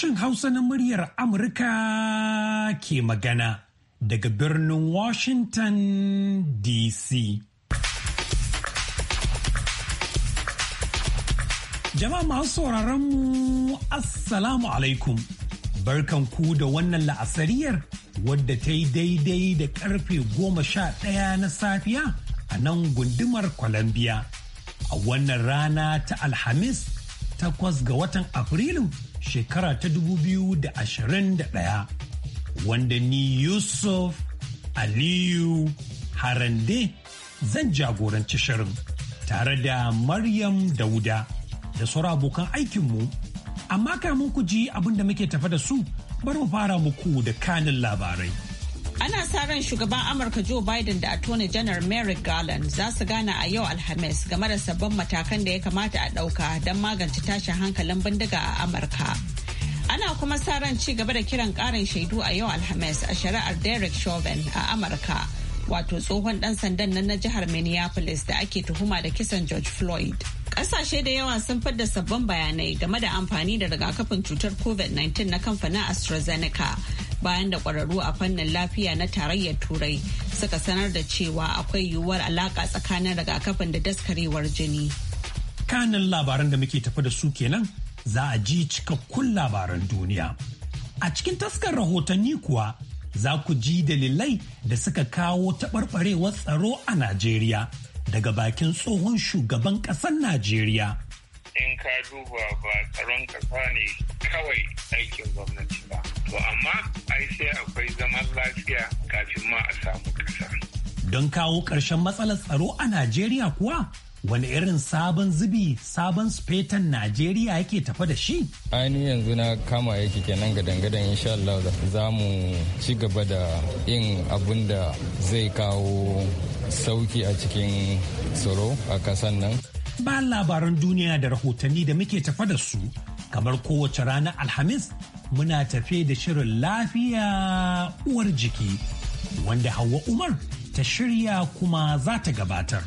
Sashen Hausa na muryar Amurka ke magana daga birnin Washington DC. Jama'a masu sauraron mu Assalamu alaikum. Barkan ku da wannan la'asariyar wadda ta yi daidai da karfe goma sha ɗaya na safiya a nan gundumar Columbia. A wannan rana ta Alhamis takwas ga watan Afrilu shekara ta 2021 wanda ni Yusuf Aliyu Harande zan jagoranci shirin tare da Maryam Dauda da sauran abokan aikinmu. Amma kamun ku ji abin da muke tafa da su bari mu fara muku da kanin labarai. Ana sa ran shugaban Amurka Joe Biden da Attorney General Merrick Garland za su gana a yau Alhamis game da sabbin matakan da ya kamata a ɗauka don magance tashin hankalin bindiga a Amurka. Ana kuma sa ran ci gaba da kiran ƙarin shaidu a yau Alhamis a shari'ar Derek Chauvin a Amurka, wato tsohon ɗan sandan nan na jihar Minneapolis da ake tuhuma da kisan George Floyd. Ƙasashe da yawa sun fadda sabbin bayanai game da amfani da rigakafin cutar COVID-19 na kamfanin AstraZeneca. bayan da ƙwararru a fannin lafiya na tarayyar turai suka sanar da cewa akwai yiwuwar alaƙa tsakanin rigakafin da daskarewar jini. kanin labaran da muke tafi da su kenan za a ji cikakkun labaran duniya. A cikin taskar rahotanni kuwa za ku ji dalilai da suka kawo taɓarɓarewar tsaro a Najeriya daga bakin tsohon shugaban ƙasar Najeriya. In ka duba ba tsaron ƙasa ne kawai aikin gwamnati ba to amma ai sai akwai zaman lafiya kafin ma a samu kasa don kawo ƙarshen matsalar tsaro a najeriya kuwa wani irin sabon zubi sabon spetan najeriya yake tafa da shi ainihin yanzu na kama yake kenan ga dangadan insha Allah za mu ci gaba da yin abun da zai kawo sauki a cikin tsaro a kasan nan ba labaran duniya da rahotanni da muke tafa da su kamar kowace ranar alhamis muna tafe da shirin lafiya uwar jiki wanda hawa umar ta shirya kuma za ta gabatar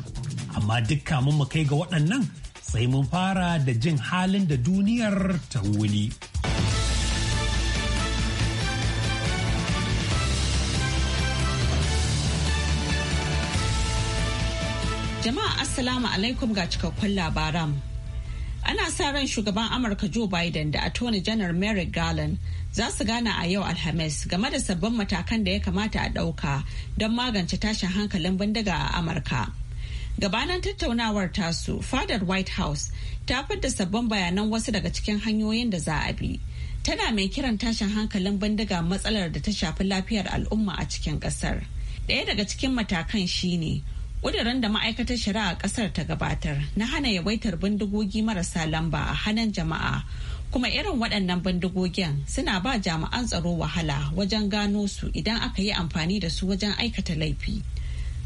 amma dukka mun mu kai ga waɗannan sai mun fara da jin halin da duniyar ta wuni jama'a assalamu alaikum ga cikakkun labaran Ana sa ran shugaban Amurka Joe Biden da Attorney General Merrick Garland za su gana a yau Alhamis game da sabbin matakan da ya kamata a ɗauka don magance tashin hankalin bindiga a Amurka. Gabanin tattaunawar tasu, fadar White House ta fidda sabbin bayanan wasu daga cikin hanyoyin da za a bi. Tana mai kiran tashin hankalin bindiga matsalar da ta shafi lafiyar al'umma a cikin ƙasar. Ɗaya daga cikin matakan shine ƙudurin da ma'aikatar shari'a ƙasar ta gabatar na hana yawaitar bindigogi marasa lamba a hannun jama'a kuma irin waɗannan bindigogin suna ba jami'an tsaro wahala wajen gano su idan aka yi amfani da su wajen aikata laifi.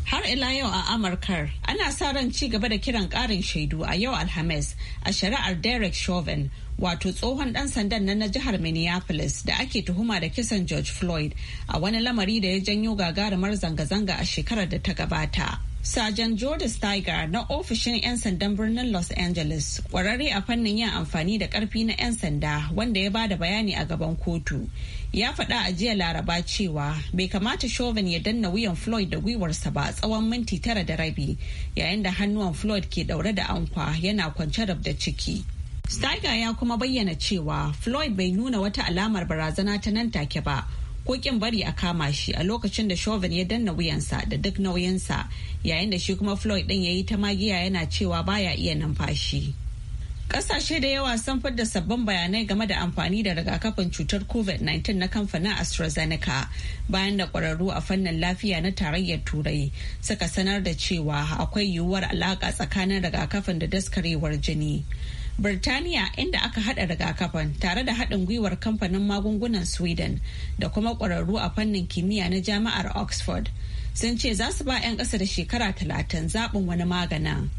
har ila yau a amurkar ana sa ran ci gaba da kiran ƙarin shaidu a yau alhamis a shari'ar derek chauvin wato tsohon ɗan sandan nan na jihar minneapolis da ake tuhuma da kisan george floyd a wani lamari da ya janyo gagarumar zanga-zanga a shekarar da ta gabata Sajan Jordan Steiger na ofishin 'yan sandan birnin Los Angeles kwararre a fannin yin amfani da karfi na 'yan sanda wanda ya bada bayani a gaban kotu. Ya faɗa a jiya laraba cewa bai kamata Chauvin ya danna wuyan Floyd da gwiwarsa ba tsawon minti tara da rabi yayin da hannuwan Floyd ke ɗaure da ankwa yana kwance rab da ciki. Steiger ya kuma bayyana cewa Floyd bai nuna wata alamar barazana ta nan take ba. kokin bari a kama shi a lokacin da Chauvin ya danna wuyansa da duk nauyinsa yayin da shi kuma Floyd din ya yi ta magiya yana cewa baya iya numfashi. Kasashe da yawa sun fidda sabbin bayanai game da amfani da rigakafin cutar COVID-19 na kamfanin AstraZeneca bayan da ƙwararru a fannin lafiya na tarayyar Turai suka sanar da cewa akwai yiwuwar alaƙa tsakanin rigakafin da daskarewar jini. Birtaniya inda aka hada rigakafan tare da haɗin gwiwar kamfanin magungunan Sweden da kuma ƙwararru a fannin kimiyya na jami'ar Oxford sun ce za su ba 'yan ƙasa da shekara talatin zaɓin wani maganin.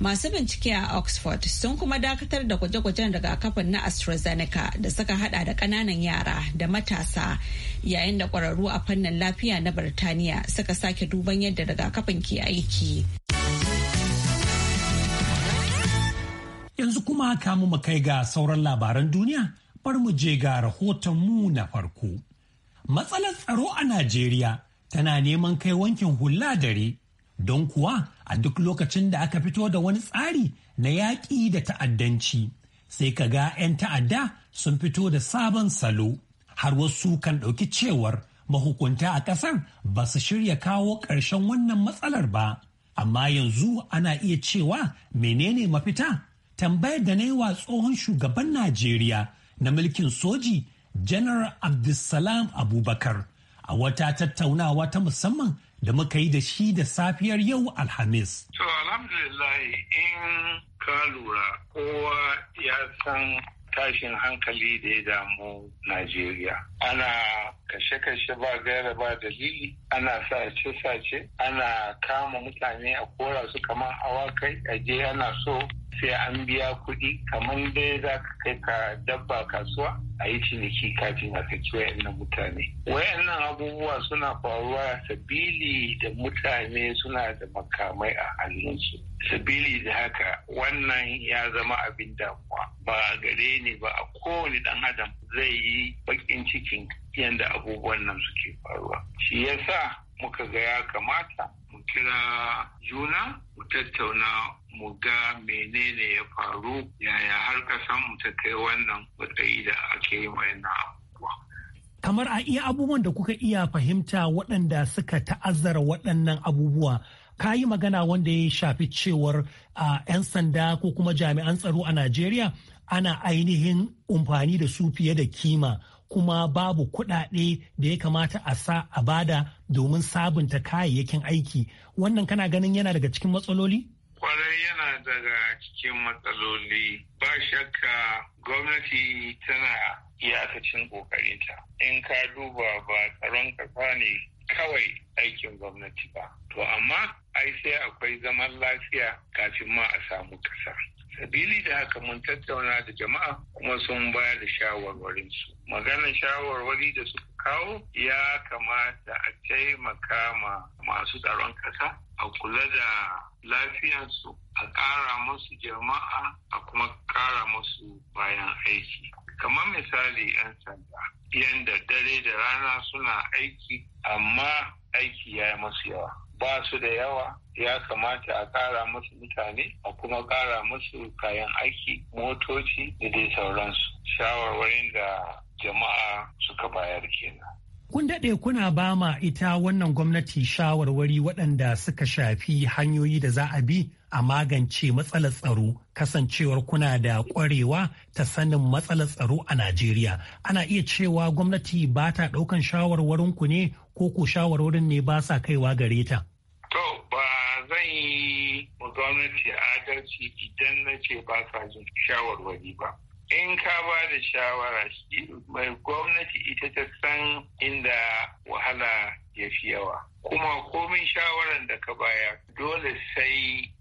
Masu bincike a Oxford sun kuma dakatar da gwaje-gwajen rigakafin na AstraZeneca da suka hada da ƙananan yara da matasa yayin da ƙwararru a fannin lafiya na Birtaniya suka sake duban yadda rigakafin ke aiki. Yanzu kuma kamu mu kai ga sauran labaran duniya bar mu je ga rahoton mu na farko. Matsalar tsaro a Najeriya tana neman kai wankin hula dare don kuwa a duk lokacin da aka fito da wani tsari na yaƙi da ta'addanci sai ka ga 'yan ta'adda sun fito da sabon salo har wasu kan ɗauki cewar mahukunta a ƙasar ba su shirya kawo ƙarshen wannan matsalar ba amma yanzu ana iya cewa menene mafita tambayar da na yi wa tsohon shugaban Najeriya na mulkin soji General Abdulsalam Abubakar a wata tattaunawa ta musamman da muka yi da shi da safiyar yau Alhamis. To alhamdulillah in ka lura kowa ya san tashin hankali da ya damu Najeriya. Ana kashe-kashe ba gaira ba dalili, ana sace-sace, ana kama mutane a kora su kamar awakai, a je ana so sai an biya kuɗi kamar dai za ka kai ka dabba kasuwa a yi ciniki kafin a saki wayannan mutane wayannan abubuwa suna faruwa sabili da mutane suna da makamai a hannunsu sabili da haka wannan ya zama abin damuwa ba a gare ni ba a kowane ɗan adam zai yi baƙin cikin yadda abubuwan nan suke faruwa shi yasa muka ga ya kamata mu kira juna mu tattauna mu ga menene ya faru yaya har kasan mu ta kai wannan matsayi da ake yi na abubuwa. Kamar a iya abubuwan da kuka iya fahimta waɗanda suka ta'azzara waɗannan abubuwa ka yi magana wanda ya shafi cewar a 'yan sanda ko kuma jami'an tsaro a Najeriya ana ainihin umfani da su fiye da kima kuma babu kuɗaɗe da ya kamata a sa a bada domin sabunta kayayyakin aiki wannan kana ganin yana daga cikin matsaloli? kwarai yana daga cikin matsaloli ba shakka gwamnati tana iyakacin kokarinta in ka duba ba tsaron kasa ne kawai aikin gwamnati ba to amma ai sai akwai zaman lafiya kafin ma a samu kasa sabili da haka mun tattauna da jama'a kuma sun bayar da shawarwarinsu maganar shawarwari da suka kawo ya kamata a taimaka ma masu tsaron kasa a kula da lafiyansu a ƙara musu jama'a a kuma ƙara musu bayan aiki kamar misali 'yan sanda yadda dare da rana suna aiki amma aiki ya yi masu yawa ba su da yawa ya kamata a ƙara musu mutane a kuma ƙara musu kayan aiki motoci da dai sauransu shawarwarin da jama'a suka bayar kenan Kun daɗe kuna ba ma ita wannan gwamnati shawarwari waɗanda suka shafi hanyoyi da za a bi a magance matsalar tsaro kasancewar kuna da ƙwarewa ta sanin matsalar tsaro a Najeriya. Ana iya cewa gwamnati ba ta ɗaukan shawarwarinku ne ko ku shawarwarin ne ba sa kaiwa gare ta. To ba zan yi gwamnati adalci idan na ce ba sa jin shawarwari ba. in ka ba da shawara shi mai gwamnati ita ta san inda wahala ya fi yawa kuma komin shawaran da ka baya dole sai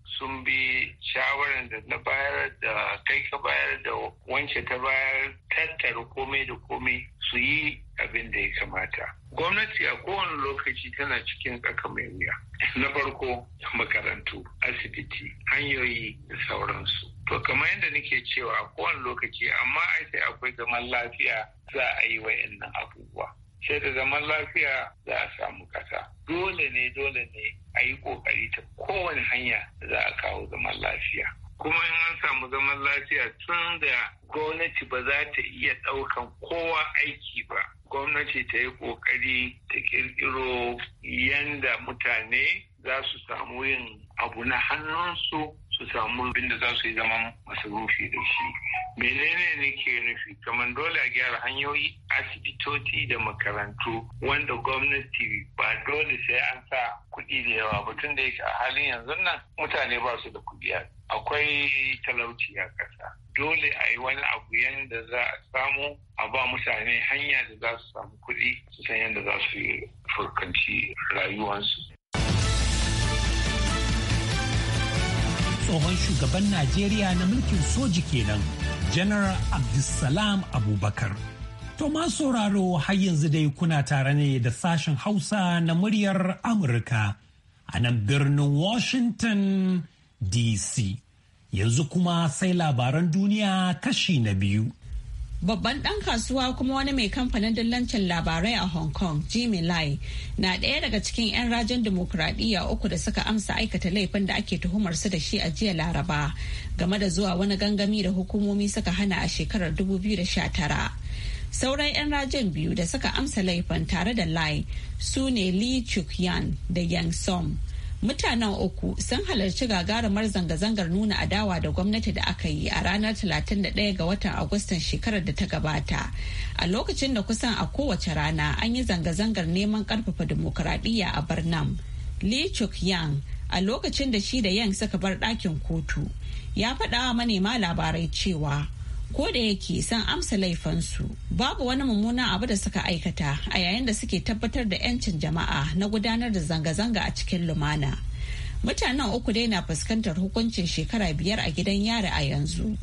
ce ta bayar tattara komai da komai su yi abin da ya kamata. Gwamnati a kowane lokaci tana cikin tsaka mai wuya. Na farko makarantu, asibiti, hanyoyi da sauransu. To kamar yadda nake cewa a kowane lokaci amma ai sai akwai zaman lafiya za a yi wa'annan abubuwa. sai da zaman lafiya za a samu kasa dole ne dole ne a yi kokari ta kowane hanya za a kawo zaman lafiya kuma in an samu zaman lafiya tun da gwamnati ba za ta iya ɗaukan kowa aiki ba gwamnati ta yi ƙoƙari ta ƙirƙiro yanda mutane za su samu yin abu na hannunsu su samu abin da za su yi zaman masarufi da shi menene ne ke nufi kamar dole a gyara hanyoyi asibitoci da makarantu wanda gwamnati ba dole sai an sa kuɗi da yawa ba tun da yake a halin yanzu nan mutane ba su da kuɗi a akwai talauci a ƙasa dole a yi wani abu yadda za a samu a ba mutane hanya da za su samu kuɗi su san yadda za su yi furkanci rayuwansu. tsohon shugaban najeriya na mulkin soji kenan general abdulsalam abubakar to ma sauraro har yanzu dai kuna tare ne da sashen hausa na muryar amurka a nan birnin washington DC. Yanzu kuma sai labaran duniya kashi na biyu. Babban ɗan kasuwa kuma wani mai kamfanin dillancin labarai a Hong Kong, Jimmy Lai, na ɗaya daga cikin 'yan rajin demokuraɗiyya uku da suka amsa aikata laifin da ake tuhumar su da shi a jiya Laraba game da zuwa wani gangami da hukumomi suka hana a shekarar 2019. Sauran 'yan rajin biyu da suka amsa laifin tare da Lai su ne Lee Chuk Yan da Yang Song. Mutanen uku sun halarci gagarumar zanga-zangar nuna adawa da gwamnati da aka yi a ranar 31 ga watan Agustan shekarar da ta gabata. A lokacin da kusan a kowace rana an yi zanga-zangar neman karfafa dimokuraɗiyya a birnin. Lee Chuk Yang a lokacin da shi da Yang suka bar ɗakin kotu ya faɗawa manema labarai cewa ko da yake san amsa laifansu babu wani mummunan abu da suka aikata a yayin da suke tabbatar da 'yancin jama'a na gudanar da zanga-zanga a cikin lumana mutanen uku dai na fuskantar hukuncin shekara biyar a gidan yari a yanzu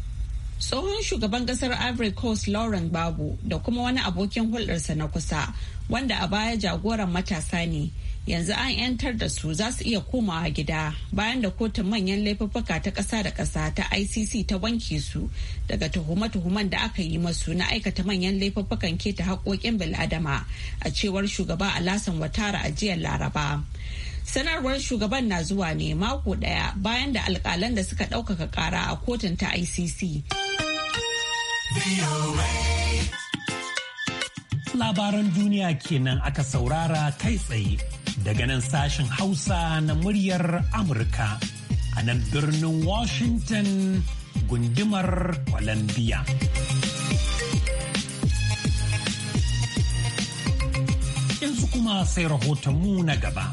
tsohon shugaban kasar ivory coast lauren babu da kuma wani abokin hulɗarsa na kusa wanda a baya jagoran matasa ne yanzu an 'yantar da su za su iya komawa gida bayan da kotun manyan laifuffuka ta ƙasa da ƙasa ta icc ta wanke su daga tuhume-tuhumen da aka yi masu na aikata manyan laifuffukan keta haƙoƙin bil'adama a cewar shugaba alasan watara a jiyar laraba sanarwar shugaban na zuwa ne mako ɗaya bayan da alƙalan da suka ɗaukaka ƙara a kotun ta icc labaran duniya kenan aka saurara kai tsaye daga nan sashen Hausa na muryar Amurka a nan birnin Washington gundumar Columbia. Yanzu kuma sai rahotonmu na gaba.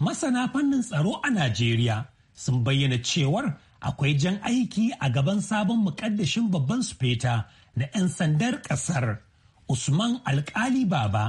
Masana fannin tsaro a Najeriya sun bayyana cewar akwai jan aiki a gaban sabon mukaddashin babban sufeta na 'yan sandar ƙasar Usman Alkali Baba.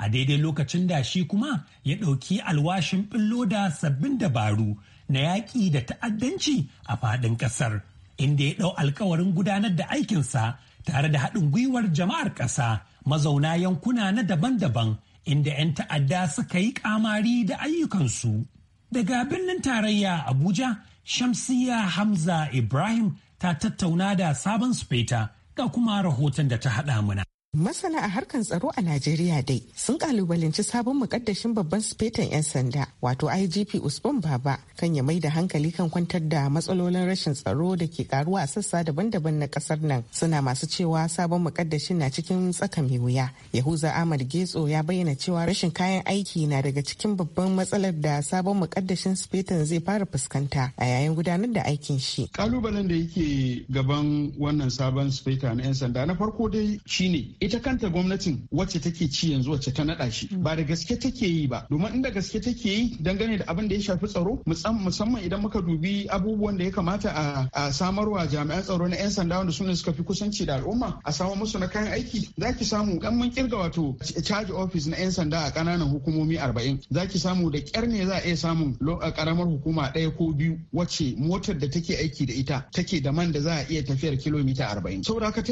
a daidai lokacin da shi kuma ya ɗauki alwashin ɓillo da sabbin dabaru na yaƙi da ta'addanci a faɗin ƙasar inda ya ɗau alkawarin gudanar da aikinsa tare da haɗin gwiwar jama'ar ƙasa mazauna yankuna na daban-daban inda 'yan ta'adda suka yi ƙamari da ayyukansu. Daga birnin tarayya Abuja, Shamsiya Hamza Ibrahim ta tattauna da sabon speta ga kuma rahoton da ta haɗa muna. Masana a harkar tsaro a Najeriya dai sun kalubalanci sabon mukaddashin babban sufetan 'yan sanda wato IGP Usman Baba kan ya mai da hankali kan kwantar da matsalolin rashin tsaro da ke karuwa a sassa daban-daban na kasar nan suna masu cewa sabon mukaddashin na cikin tsaka mai wuya. Yahuza Ahmad Getso ya bayyana cewa rashin kayan aiki na daga cikin babban matsalar da sabon mukaddashin sufetan zai fara fuskanta a yayin gudanar da aikin shi. Kalubalen da yake gaban wannan sabon sufeta na 'yan sanda na farko dai shine ita kanta gwamnatin wacce take ci yanzu wacce ta naɗa shi ba da gaske take yi ba domin inda gaske take yi dangane da abin da ya shafi tsaro musamman idan muka dubi abubuwan da ya kamata a samarwa jami'an tsaro na 'yan sanda wanda sune suka fi kusanci da al'umma a samu musu na kayan aiki zaki samu kan mun kirga wato charge office na 'yan sanda a kananan hukumomi 40 zaki samu da kyar ne za a iya samun karamar hukuma ɗaya ko biyu wacce motar da take aiki da ita take da man da za a iya tafiyar kilomita 40 saboda haka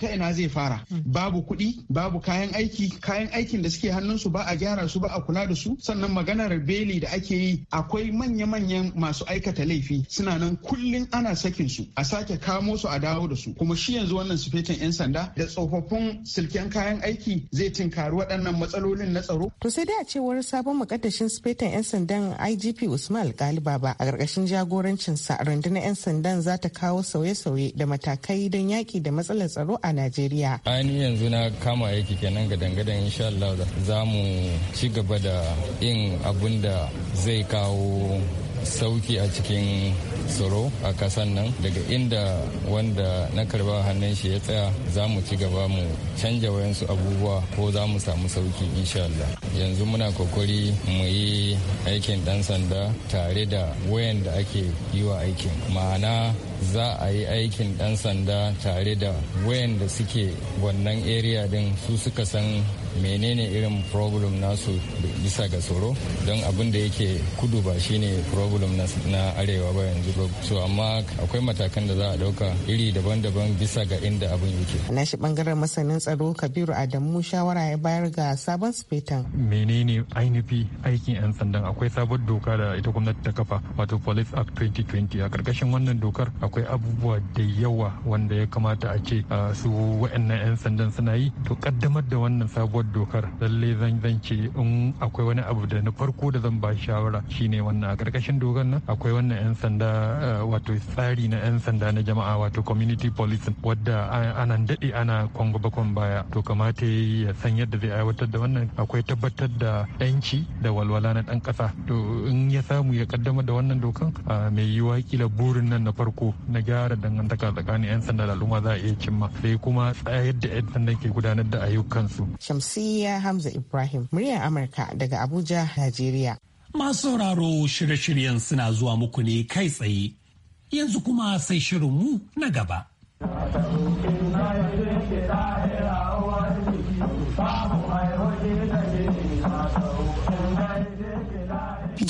ta ina zai fara hmm. babu babu kuɗi babu kayan aiki kayan aikin da suke hannunsu ba a gyara su ba a kula da su sannan maganar beli da ake yi akwai manya-manyan masu aikata laifi suna nan kullum ana sakin su a sake kamo su a dawo da su kuma shi yanzu wannan sufetin 'yan sanda da tsofaffin silken kayan aiki zai tinkari waɗannan matsalolin na tsaro. To sai dai a cewar sabon makaddashin sufetin ''yan sandan IGP Usman Alkali Baba a ƙarƙashin jagorancinsa rundunar 'yan sandan za ta kawo sauye-sauye da matakai don yaƙi da matsalar tsaro a Najeriya. Ainihin yanzu na kama aiki kenan ga dangadan insha Allah za mu ci gaba da yin abun da zai kawo sauki a cikin tsaro a kasan nan daga inda wanda na karba hannun shi ya tsaya za mu ci gaba mu canja wayansu abubuwa ko za mu samu sauki insha Allah yanzu muna kokari mu yi aikin dan sanda tare da wayan da ake yi wa aikin ma'ana za a yi aikin ɗan sanda tare da wayanda suke wannan area din su suka san menene irin problem nasu bisa ga tsoro don abin da yake kudu ba shine problem na arewa ba yanzu so amma akwai matakan da za a dauka iri daban-daban bisa ga inda abin yake na shi bangaren masanin tsaro kabiru adamu shawara ya bayar ga sabon spetan menene ainihi aikin yan sandan akwai sabon doka da ita gwamnati ta kafa wato police act 2020 a karkashin wannan dokar akwai abubuwa da yawa wanda ya kamata a ce su wa'annan yan sandan suna yi to kaddamar da wannan sabuwar sabuwar dokar lalle zan ce in akwai wani abu da na farko da zan ba shawara shine wannan a karkashin dokar nan akwai wannan yan sanda eh, wato tsari na yan sanda na jama'a wato community policing wadda ana daɗe ana kwango bakon baya to kamata ya san yadda zai aiwatar da wannan akwai tabbatar da yanci da walwala na ɗan ƙasa to in ya samu ya kaddama da wannan dokan mai yiwuwa kila burin nan na farko na gyara dangantaka tsakanin yan sanda da al'umma za a iya cimma sai kuma tsayar da yan sanda ke gudanar da ayyukansu. Shams siya Hamza Ibrahim, muryar Amurka daga Abuja, Najeriya. Masu sauraro shirye-shiryen suna zuwa muku ne kai tsaye. Yanzu kuma sai shirinmu na gaba.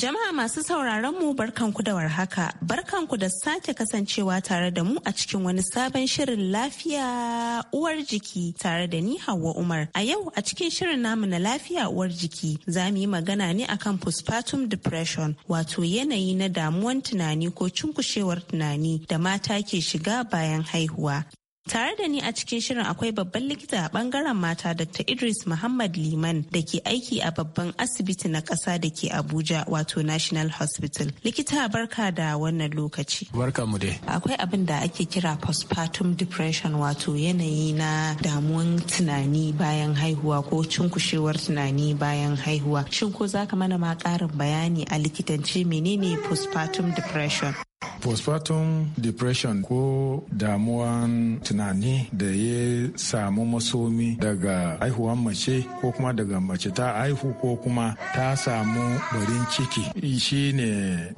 Jama'a masu sauraron mu barkanku da warhaka, barkanku da sake kasancewa tare da mu a cikin wani sabon shirin lafiya uwar jiki tare da ni Hauwa Umar. A yau a cikin shirin namu na lafiya uwar jiki za mu yi magana ne akan postpartum depression wato yanayi na damuwan tunani ko cunkushewar tunani da mata ke shiga bayan haihuwa. Tare da ni a cikin shirin akwai babban likita a bangaren mata Dr. Idris Muhammad Liman da ke aiki a babban asibiti na ƙasa da ke Abuja wato National Hospital. Likita barka da wannan lokaci. Barka mu dai. Akwai abin da ake kira postpartum depression wato yanayi na damuwan tunani bayan haihuwa ko cunkushewar tunani bayan haihuwa. Shin ko za ka mana ma ƙarin bayani a likitance menene postpartum depression? postpartum depression ko damuwan tunani da ya samu masomi daga haihuwan mace ko kuma daga mace ta haihu ko kuma ta samu barin ciki shi ne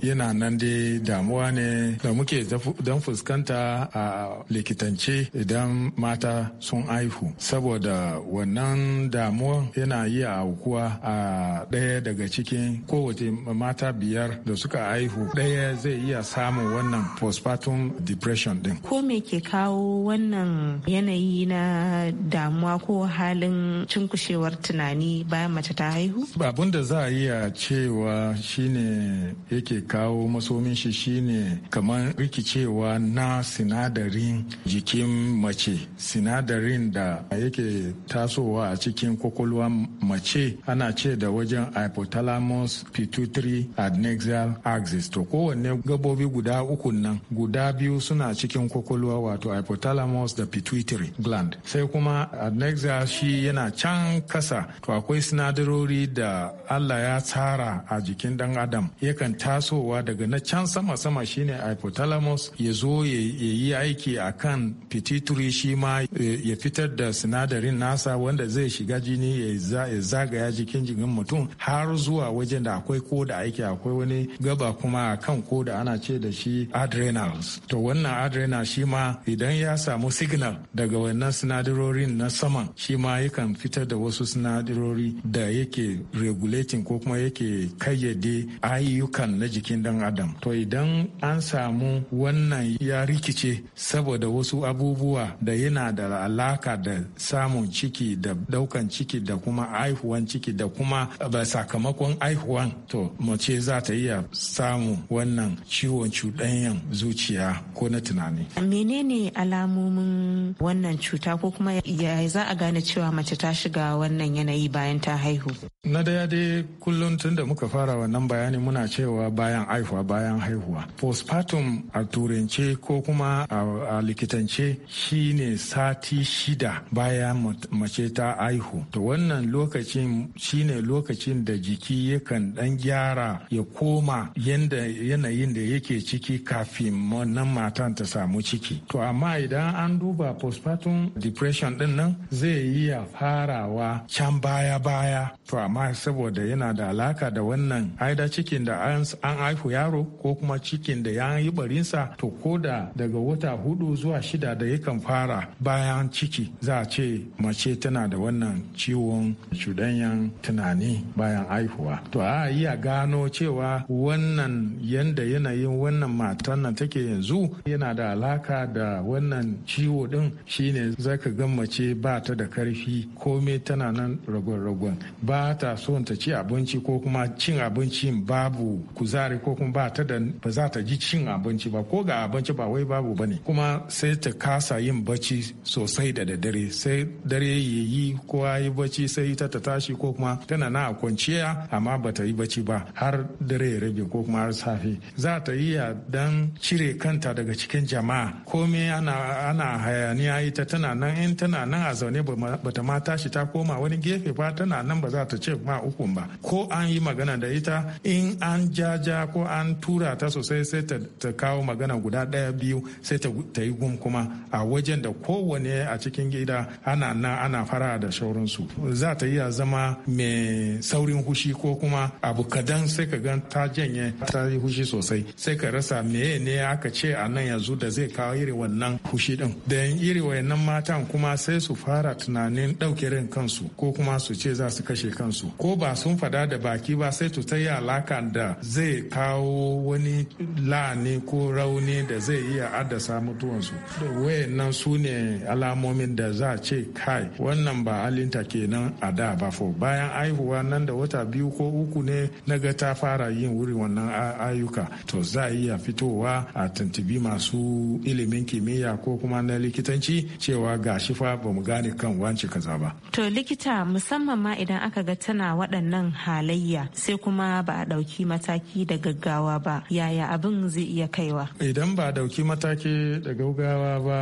yana nan dai damuwa ne da muke don fuskanta a likitance idan mata sun haihu saboda wannan damuwa yana yi a aukuwa a ɗaya daga cikin kowace mata biyar da suka haihu ɗaya zai iya sa samun wannan postpartum depression din. Ko me ke kawo wannan yanayi na damuwa ko halin cinkushewar tunani bayan mace ta haihu? Abun da za a iya cewa shine yake kawo masomin shi shine kamar rikicewa na sinadarin jikin mace sinadarin da yake tasowa a cikin kwakwalwa mace ana ce da wajen hypothalamus pituitary adnexal axis to kowanne gabobi guda uku nan guda biyu suna cikin kwakwalwa wato hypothalamus da pituitary gland sai kuma adnexia shi yana can kasa to akwai sinadarori da allah ya tsara a jikin dan adam yakan tasowa daga na can sama sama shine hypothalamus ya zo ya yi aiki a kan pituitary shi ma ya fitar da sinadarin nasa wanda zai shiga jini ya zagaya jikin jikin mutum har zuwa wajen da akwai koda aiki akwai wani gaba kuma a kan koda ana ce da da shi adrenals to wannan adrenal shi ma idan ya samu signal daga wannan sinadirori na saman shi ma yakan fitar da wasu sinadarori da yake regulating ko kuma yake kayyade ayyukan na jikin dan adam to idan an samu wannan ya rikice saboda wasu abubuwa da yana da alaka da samun ciki da daukan ciki da kuma aihuwan ciki da kuma sakamakon aihuwan to mace za ta iya samun wannan ciwon cuɗanyan zuciya ko na tunani. Menene alamomin wannan cuta ko kuma ya za a gane cewa mace ta shiga wannan yanayi bayan ta haihu? Na daya dai kullum tun da muka fara wannan bayani muna cewa bayan haihuwa bayan haihuwa. Postpartum a turance ko kuma a likitance ne sati shida bayan mace ta haihu. To wannan lokacin shine lokacin da jiki yakan ɗan gyara ya koma yanda yanayin da yake ciki kafin nan matan ta samu ciki to amma idan an duba postpartum depression din nan zai iya farawa can baya baya to amma saboda yana da alaka da wannan haida cikin da an haihu yaro ko kuma cikin da ya yi barinsa to ko da daga wata hudu zuwa shida da yakan fara bayan ciki za a ce mace tana da wannan ciwon cuɗanyan tunani bayan haihuwa to a iya gano cewa wannan yanda yanayin wannan wannan matan nan take yanzu yana da alaka da wannan ciwo din shine zaka ga mace ba ta da karfi komai tana nan ragon-ragon ba ta son ta ci abinci ko kuma cin abincin babu kuzari ko kuma ba ta da ba za ta ji cin abinci ba ko ga abinci ba wai babu bane kuma sai ta kasa yin bacci sosai da dare sai dare ya yi kowa yi bacci sai ta ta tashi ko kuma tana na kwanciya amma ba ta yi bacci ba har dare ya rage ko kuma har safe za ta ya ta cire kanta daga cikin jama'a komai ana ana hayaniya ita tana nan in tana nan a zaune ba ta ma tashi ta koma wani gefe ba tana nan ba za ta ce ma ukun ba ko an yi magana da ita in an jaja ko an tura ta sosai sai ta kawo magana guda ɗaya biyu sai ta yi gum kuma a wajen da kowane a cikin gida ana nan ana fara da shaurinsu za ta iya zama mai saurin hushi ko kuma abu kadan sai ka gan ta janye ta yi hushi sosai sai ka rasa meye ne aka ce a nan yanzu da zai kawo iri wannan fushi din da iri wayannan matan kuma sai su fara tunanin ɗauke rin kansu ko kuma su ce za su kashe kansu ko ba sun fada da baki ba sai su ta yi alaka da zai kawo wani la'ani ko rauni da zai iya addasa mutuwansu wayannan su ne alamomin da za a ce kai wannan ba halinta kenan a da ba fo bayan aihuwa nan da wata biyu ko uku ne na ga ta fara yin wuri wannan ayyuka to za a yi. iya fitowa a tuntubi masu ilimin kimiyya ko kuma na likitanci cewa ga shi fa ba mu gane kan wance kaza ba. To likita musamman ma idan aka ga tana waɗannan halayya sai kuma ba a ɗauki mataki da gaggawa ba yaya abin zai iya kaiwa. Idan ba a ɗauki mataki da gaggawa ba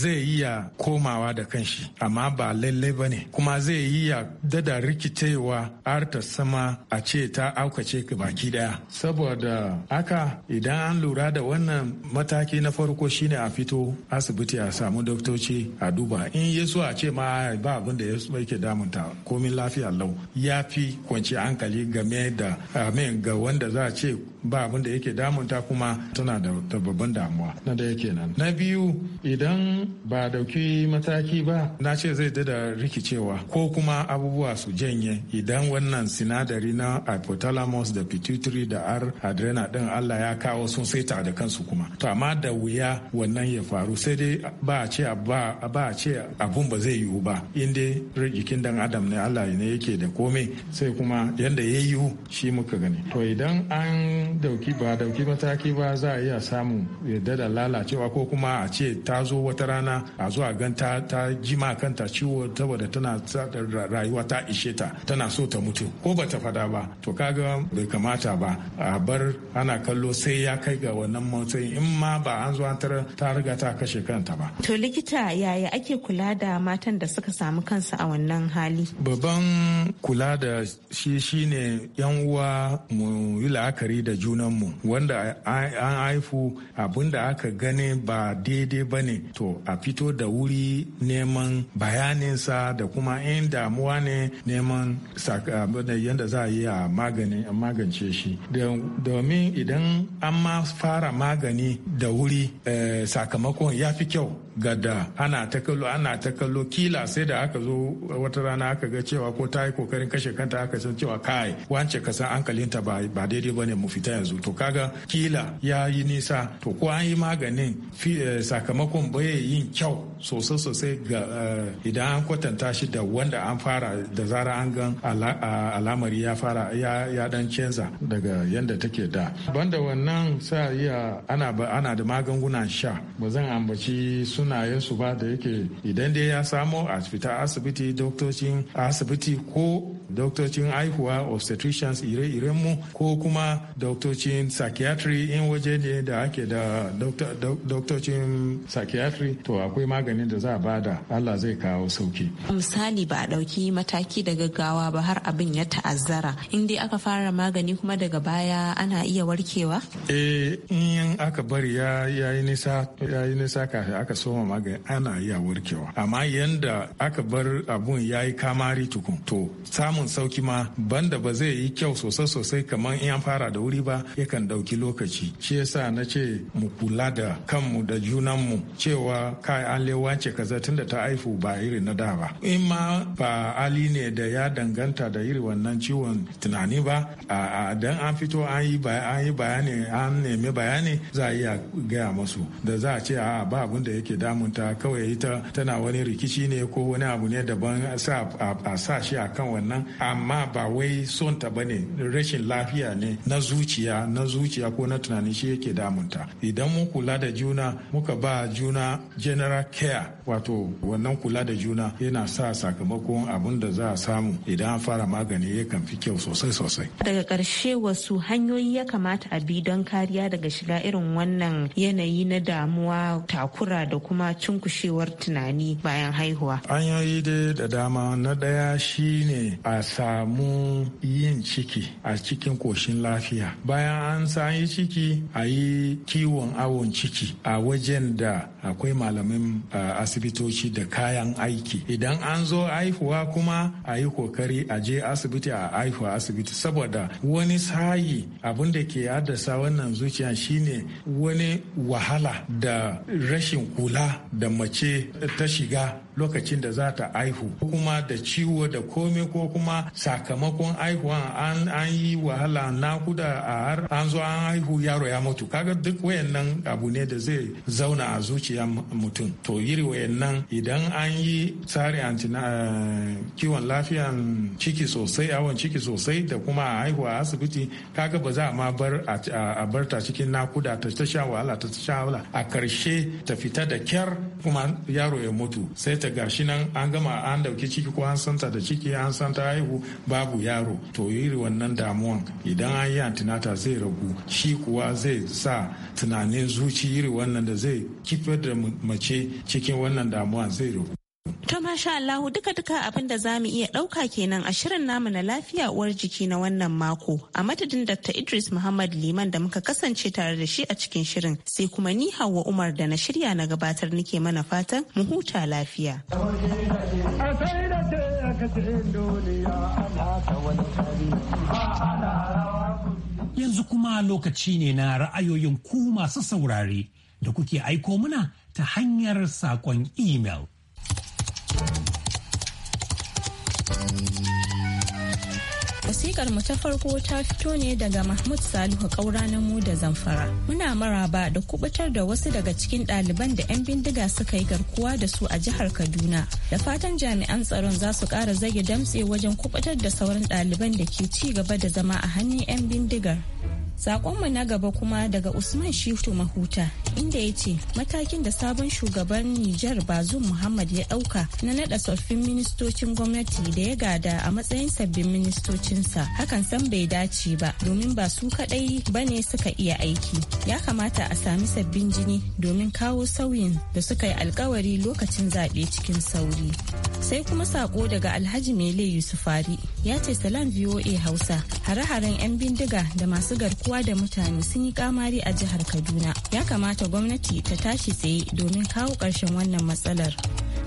zai iya komawa da kanshi amma ba lallai ba ne kuma zai iya dada rikicewa har ta sama a ce ta aukace baki daya saboda haka idan an lura da wannan mataki na farko shine a fito asibiti a samu doktoci a duba in ya a ce ma ba abin da yake damunta komin lafiya lau ya fi kwanci hankali game da amin ga wanda za a ce ba abin da yake damunta kuma tana da babban damuwa na da yake nan na biyu idan ba dauki mataki ba na ce zai da rikicewa ko kuma abubuwa su janye idan wannan sinadari na hypothalamus da pituitary da r adrenal din allah ya kawo sun saita da kansu kuma to amma da wuya wannan ya faru sai dai ba a ce ba a ce abun ba zai yiwu ba in dai dan adam ne allah ne yake da komai sai kuma yanda ya yiwu shi muka gani to idan an dauki ba dauki mataki ba za a iya samun yadda da lalacewa ko kuma a ce ta zo wata rana a zuwa gan ta ta jima kanta ciwo saboda tana rayuwa ta ishe ta tana so ta mutu ko ba ta fada ba to kaga bai kamata ba a bar ana kallo sai ya kai ga wannan matsayin in ma ba an zo an ta riga ta kashe kanta ba to likita yaya ake kula da matan da suka samu kansu a wannan hali babban kula da shi shine yan uwa mu yi la'akari da junan mu wanda an haifu abin da aka gane ba daidai ba ne to a fito da wuri neman bayaninsa da kuma in damuwa ne neman yadda za a yi a magance shi domin idan an ma fara magani da wuri eh, sakamakon ya fi kyau gada ana ta kallo ana ta kallo kila sai da aka zo wata rana aka ga cewa ko ta yi kokarin kashe kanta aka san cewa kai wance ka san hankalinta ba ba daidai bane mu fita yanzu to kaga kila ya yi nisa to ko an yi maganin eh, sakamakon baya yin kyau sosai sosai ga eh, idan an kwatanta shi da wanda an fara da zara an gan alamari ya fara ya dan canza daga yanda take da banda wannan sa iya ana da magungunan sha ba zan ambaci su sunayensu ba da yake idan dai ya samo a fita asibiti doktocin asibiti ko doktocin aihuwa obstetricians ire-iren mu ko kuma doktocin psychiatry in waje ne da ake da doktocin psychiatry to akwai maganin da za a bada Allah zai kawo sauki. misali ba a ɗauki mataki da gaggawa ba har abin ya ta'azzara in dai aka fara magani kuma daga baya ana iya warkewa? eh in aka bari ya yi nisa kafin aka so soma magani ana iya warkewa amma yanda aka bar abun ya yi kamari tukun to samun sauki ma banda ba zai yi kyau sosai sosai kamar in an fara da wuri ba yakan ɗauki lokaci shi yasa na ce mu kula da kanmu da junanmu cewa kai an lewance kaza tunda ta haifu ba iri na da ba in ma ba Ali ne da ya danganta da iri wannan ciwon tunani ba a dan an fito an yi bayani an nemi bayani za a iya gaya masu da za a ce a ba abin da yake damunta kawai ita tana wani rikici ne ko wani abu ne daban a sa shi a kan wannan amma ba wai son ta bane rashin lafiya ne na zuciya na zuciya ko na tunani shi yake damunta idan mun kula da juna muka ba juna general care wato wannan kula da juna yana sa sakamakon abin da za a samu idan an fara magani yakan fi kyau sosai sosai daga karshe wasu hanyoyi ya kamata a bi don kariya daga shiga irin wannan yanayi na damuwa takura da kuma cunkushewar tunani bayan haihuwa hanyoyi dai da dama na ɗaya shine a samu yin ciki a cikin koshin lafiya bayan an san yi ciki a yi kiwon awon ciki a wajen da akwai malamin a asibitoci da kayan aiki idan an zo haihuwa kuma a yi kokari a je asibiti a haihuwa asibiti saboda wani sayi abin da ke haddasa wannan zuciya shine wani wahala da rashin kula da mace ta shiga lokacin da za ta aihu ko kuma da ciwo da komai ko kuma sakamakon aihuwan an, an yi wahala nakuda a har an zo an haihu yaro ya mutu kaga duk wayannan abu ne da zai zauna a zuciya mutum to yiri wayannan idan an yi tsari eh, kiwon lafiyan ciki sosai awon ciki sosai da kuma a haihuwa a asibiti kaga ba za a ma bar a bar ta cikin nakuda ta ta sha wahala ta sha wahala a karshe ta fita da kyar kuma yaro ya mutu sai ta gashi nan an gama an dauki ciki ko an santa da ciki an santa haihu babu yaro to iri wannan damuwan idan an yi antinata zai ragu shi kuwa zai sa tunanin zuci iri wannan da zai kifar da mace cikin wannan damuwa zai ragu To masha Allahu duka duka abin da za mu iya ɗauka kenan a shirin namu na lafiya uwar jiki na wannan mako a madadin Dr. Idris Muhammad Liman da muka kasance tare da shi a cikin shirin sai kuma ni Hauwa Umar da na shirya na gabatar nike mana fatan mu huta lafiya. Yanzu kuma lokaci ne na ra'ayoyin ku masu saurare da kuke aiko muna ta hanyar saƙon imel. Wasikar mu ta farko ta fito ne daga Mahmud Salihu Kaura mu da Zamfara. Muna maraba da kubutar da wasu daga cikin ɗaliban da 'yan bindiga suka yi garkuwa da su a jihar Kaduna. Da fatan jami'an tsaron za su ƙara zage damtse wajen kubutar da sauran ɗaliban da ke ci gaba da zama a hannun 'yan bindigar. Sakonmu na gaba kuma daga Usman Shiftu Mahuta inda ya ce matakin da sabon shugaban Nijar Bazoum Muhammad ya ɗauka na naɗa tsoffin ministocin gwamnati da ya gada a matsayin sabbin ministocinsa hakan san bai dace ba domin ba su kaɗai ba ne suka iya aiki. Ya kamata a sami sabbin jini domin kawo sauyin da suka yi alkawari lokacin zaɓe cikin sauri. Sai kuma sako daga Alhaji Mele Yusufari ya ce salam VOA Hausa hare-haren 'yan bindiga da masu garkuwa kowa da mutane sun yi kamari a jihar Kaduna. Ya kamata gwamnati ta tashi tsaye domin kawo ƙarshen wannan matsalar.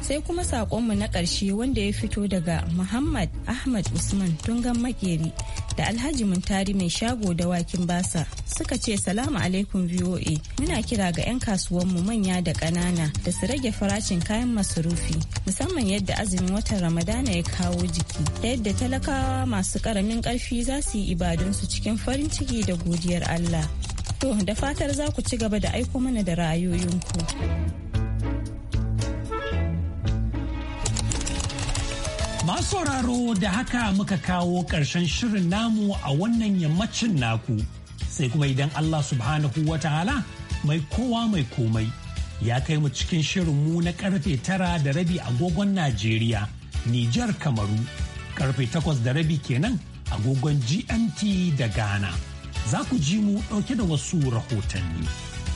Sai kuma saƙonmu na ƙarshe wanda ya fito daga Muhammad Ahmad Usman Tungan Makeri da Alhaji Muntari mai shago da wakin basa suka ce salamu alaikum VOA muna kira ga 'yan kasuwanmu manya da ƙanana da su rage farashin kayan masarufi musamman yadda azumin watan Ramadana ya kawo jiki da yadda talakawa masu ƙaramin ƙarfi za su yi ibadunsu cikin farin ciki da go godiyar Allah. To da fatar za ku ci gaba da aiko mana da ra'ayoyinku. Masu sauraro da haka muka kawo ƙarshen shirin namu a wannan yammacin naku. Sai kuma idan Allah subhanahu wa ta'ala mai kowa mai komai ya kai mu cikin shirin mu na karfe tara da rabi agogon Najeriya, Nijar Kamaru, karfe takwas da rabi kenan agogon GMT da Ghana. za ku ji mu ɗauke da wasu rahotanni.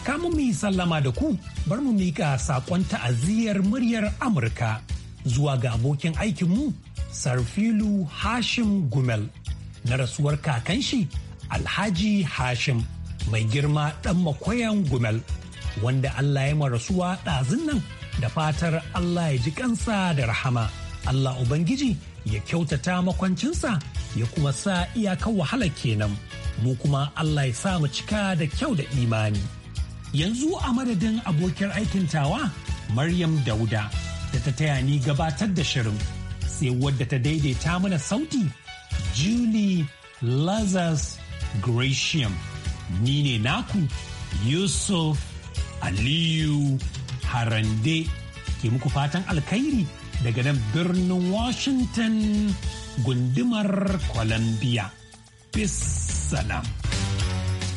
Kamun mu yi sallama da ku bar mu miƙa saƙon ta'aziyar muryar Amurka zuwa ga abokin aikinmu Sarfilu Hashim Gumel na rasuwar kakanshi Alhaji Hashim mai girma ɗan makwayan Gumel wanda Allah ya rasuwa ɗazin nan da fatar Allah ya ji kansa da rahama. Allah Ubangiji ya kyautata makwancinsa ya kuma sa iyakar wahala kenan. mu kuma Allah ya sa mu cika da kyau da imani. Yanzu a madadin abokiyar aikin tawa Maryam Dauda da ta taya ni gabatar da shirin sai wadda ta daidaita mana sauti Julie Lazarus Gratium. Ni ne naku Yusuf Aliyu Harande ke muku fatan alkhairi daga nan birnin Washington gundumar Columbia. Bis salam.